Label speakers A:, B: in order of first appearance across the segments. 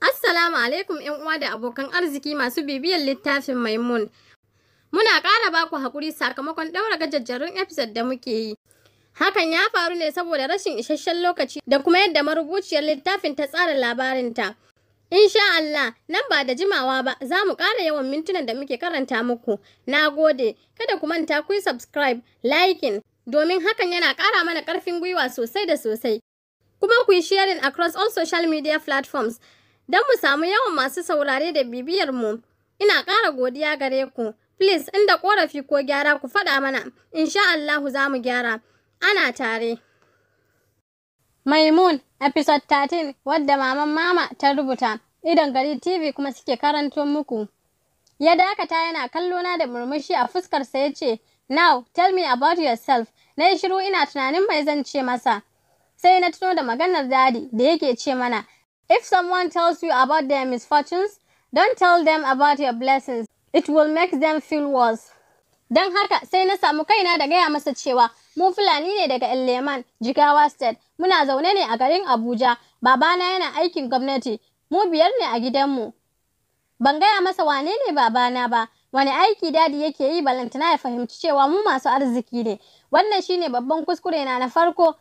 A: Assalamu alaikum ‘yan uwa da abokan arziki masu bibiyar littafin Maimun. Muna ƙara ba ku haƙuri sakamakon ɗaura gajajjarun episode da muke yi. Hakan ya faru ne saboda rashin isasshen lokaci da kuma yadda marubuciyar littafin ta tsara labarinta. Insha Allah, nan ba da jimawa ba, za mu ƙara yawan mintunan da muke karanta muku. Na gode, kada ku manta ku yi subscribe, liking, domin hakan yana ƙara mana ƙarfin gwiwa sosai da sosai. Kuma ku yi sharing across all social media platforms. don mu samu yawan masu saurare da bibiyar mu. Ina ƙara godiya gare ku. Please, inda ƙorafi ko gyara ku faɗa mana, insha Allahu za mu gyara. Ana tare. Maimun, episode 13, wadda maman mama ta rubuta, idan gari TV kuma suke karanto muku. Ya dakata yana kallona da murmushi a fuskarsa ya ce, Now, tell me about yourself. Na yi shiru ina tunanin mai zan ce masa. Sai na tuno da maganar dadi da yake ce mana, If someone tells you about their misfortunes, don't tell them about your blessings. It will make them feel worse. Don haka sai na samu kaina da gaya masa cewa mu Fulani ne daga Leman, Jigawa State. Muna zaune ne a garin Abuja. Babana yana aikin gwamnati. Mu biyar ne a gidanmu. Ban gaya masa wane ne babana ba, wani aiki dadi yake yi balantana ya fahimci cewa mu masu arziki ne. Wannan shine babban kuskure na na farko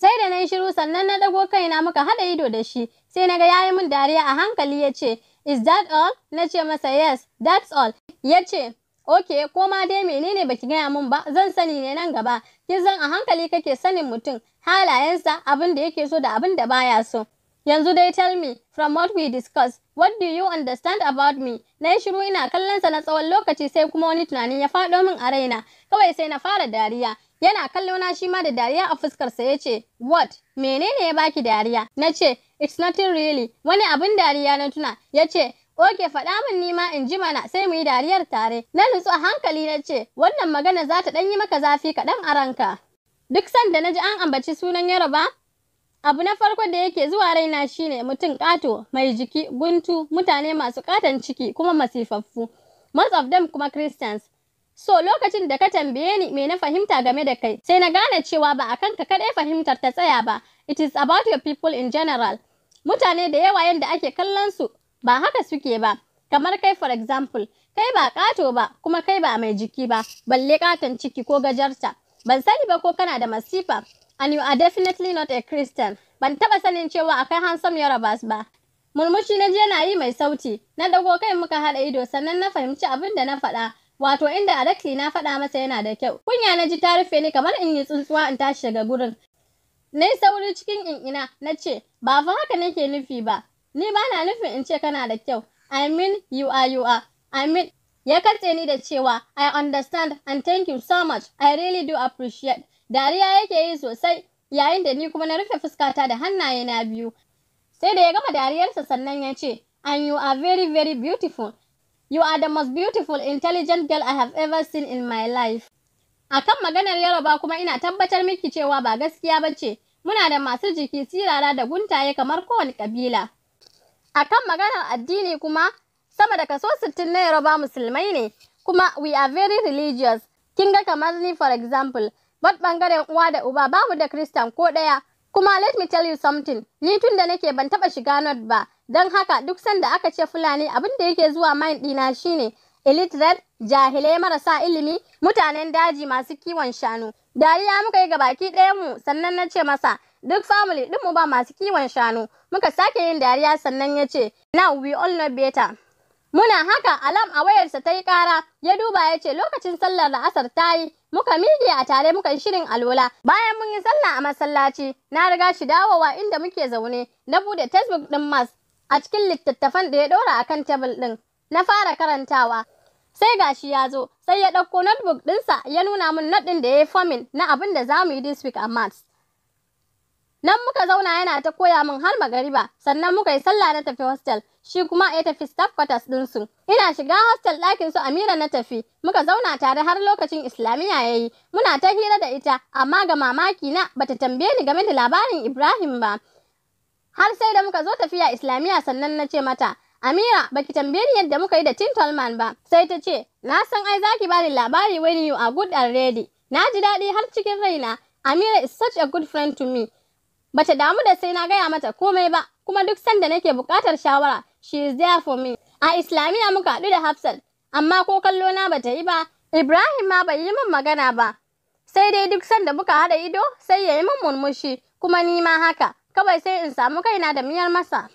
A: Sai da na yi shiru sannan na ɗago kaina muka haɗa ido da shi, sai na ga ya yi min dariya a hankali ya ce, Is that all? Na ce masa yes, that's all. Ya ce, ok ko ma dai menene baki gaya min ba zan sani ne nan gaba kin san a hankali kake sanin mutum halayensa abin da yake so da abin da baya so yanzu dai tell me from what we discuss what do you understand about me na yi shiru ina kallon sa na tsawon lokaci sai kuma wani tunani ya faɗo min a raina kawai sai na fara dariya Yana kallona shi ma da dariya a fuskarsa ya ce, What? Menene ya baki dariya? Na ce, It's nothing really. Wani abin dariya na tuna. Yace, ce, Oke faɗa min ni ma in ji mana sai mu yi dariyar tare. Na nutsu a hankali na ce, Wannan magana za ta ɗan yi maka zafi kaɗan a ranka. Duk sanda na ji an ambaci sunan Yaroba, Abu na farko da yake zuwa raina shine mutum ƙato, mai jiki, guntu, mutane masu ƙaton ciki kuma masifaffu. Most of them kuma Christians. So lokacin da ka tambaye ni me na fahimta game da kai, sai na gane cewa ba a kanka kaɗai fahimtar ta tsaya ba, it is about your people in general. Mutane da yawa yanda ake kallon su ba haka suke ba, kamar kai for example, kai ba ƙato ba kuma kai ba mai jiki ba, balle ƙaton ciki ko gajarta. Ban sani ba ko kana da masifa, and you are definitely not a Christian. Ban taɓa sanin cewa akai handsome Yorubas ba. Murmushi na je na yi mai sauti, na dago kai muka haɗa ido sannan na fahimci abin da na faɗa. wato inda a na faɗa masa yana da kyau kunya na ji ta rufe ni kamar in yi tsuntsuwa in tashi daga gurin na yi sauri cikin in'ina na ce ba fa haka nake nufi ba ni ba na nufin in ce kana da kyau i mean you are you are i mean ya katse ni da cewa i understand and thank you so much i really do appreciate dariya yake yi sosai yayin da ni kuma na rufe fuskata da hannaye na biyu sai da ya gama dariyarsa sannan ya ce and you are very very beautiful You are the most beautiful, intelligent girl I have ever seen in my life. A kan maganar Yaroba kuma ina tabbatar miki cewa ba gaskiya ba ce, muna da masu jiki sirara da guntaye kamar kowane kabila. A kan maganar addini kuma, sama da kaso sittin na Yaroba musulmai ne, kuma we are very religious. Kin ga kamar ni for example, bat bangaren uwa da uba babu da Kristan ko ɗaya. Kuma let me tell you something, ni tun da nake ban taɓa shiga not ba, don haka duk sanda aka ce fulani abin da yake zuwa mind ɗina shine illiterate jahilai marasa ilimi mutanen daji masu kiwon shanu dariya muka yi gabaki ɗaya mu sannan na ce masa duk family ɗin mu ba masu kiwon shanu muka sake yin dariya sannan ya ce now we all know better muna haka alam a wayarsa ta yi ƙara ya duba ya ce lokacin sallar la'asar ta yi muka miƙe a tare muka shirin alola bayan mun yi sallah a masallaci na riga shi dawowa inda muke zaune na buɗe facebook ɗin mas a cikin littattafan da ya ɗora a kan tebul ɗin. Na fara karantawa. Sai gashi ya zo, sai ya ɗauko notebook ɗinsa ya nuna min not ɗin da ya yi fomin na abin da za mu yi this week a mats. Nan muka zauna yana ta koya min har magariba, sannan muka yi sallah na tafi hostel, shi kuma ya tafi staff quarters ɗinsu. Ina shiga hostel ɗakin su Amira na tafi, muka zauna tare har lokacin Islamiyya ya yi, muna ta hira da ita, amma ga mamaki na bata tambaye ni game da labarin Ibrahim ba. har sai da muka zo tafiya islamiyya sannan na ce mata Amira baki tambaye ni yadda muka yi da Tim ba sai ta ce na san ai zaki bani labari when you are good and na ji daɗi har cikin raina Amira is such a good friend to me bata damu da sai na gaya mata komai ba kuma duk sanda nake buƙatar shawara she is there for me a islamiyya muka haɗu da Hafsat amma ko kallo na bata yi ba Ibrahim ma bai yi min magana ba sai dai duk sanda muka haɗa ido sai ya yi min murmushi kuma ni ma haka kawai sai in samu kaina da miyar masa.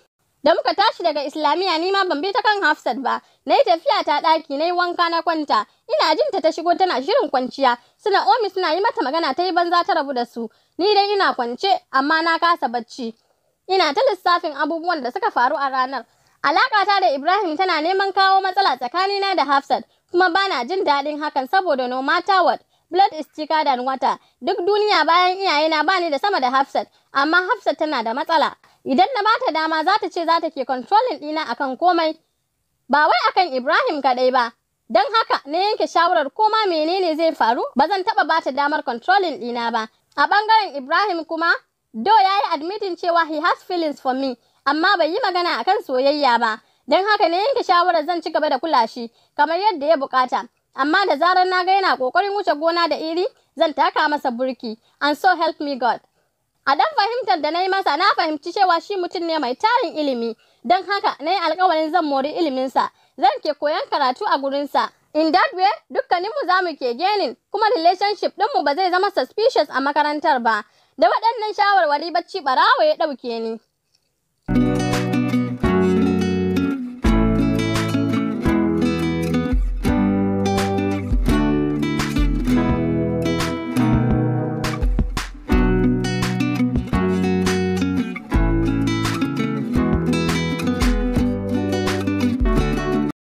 A: Da muka tashi daga Islamiyya ni ma ban bi ta kan Hafsat ba, na yi tafiya ta ɗaki na yi wanka na kwanta, ina jin ta ta shigo tana shirin kwanciya, suna omi suna yi mata magana ta yi banza ta rabu da su, ni dai ina kwance amma na kasa bacci. Ina ta lissafin abubuwan da suka faru a ranar. Alaƙata da Ibrahim tana neman kawo matsala tsakanina da Hafsat, kuma bana jin daɗin hakan saboda no matter what, blood is thicker than water duk duniya bayan iyayena bani da sama da Hafsat amma Hafsat tana da matsala idan na bata dama za ta ce za ta ke controlling ɗina akan komai ba wai akan Ibrahim kadai ba don haka na yanke shawarar koma menene zai faru ba zan taɓa bata damar controlling ɗina ba a ɓangaren Ibrahim kuma do ya yi admitting cewa he has feelings for me amma bai yi magana akan soyayya ba don haka na yanke shawarar zan ci gaba da kula shi kamar yadda ya bukata amma da zarar na ga yana kokarin wuce gona da iri zan taka masa burki and so help me god a dan fahimtar da na yi masa na fahimci cewa shi mutum ne mai tarin ilimi don haka na yi alkawarin zan mori iliminsa zan ke koyan karatu a gurinsa in that way dukkaninmu za mu ke genin kuma relationship ɗinmu ba zai zama suspicious a makarantar ba da waɗannan shawarwari bacci ɓarawa ya ɗauke ni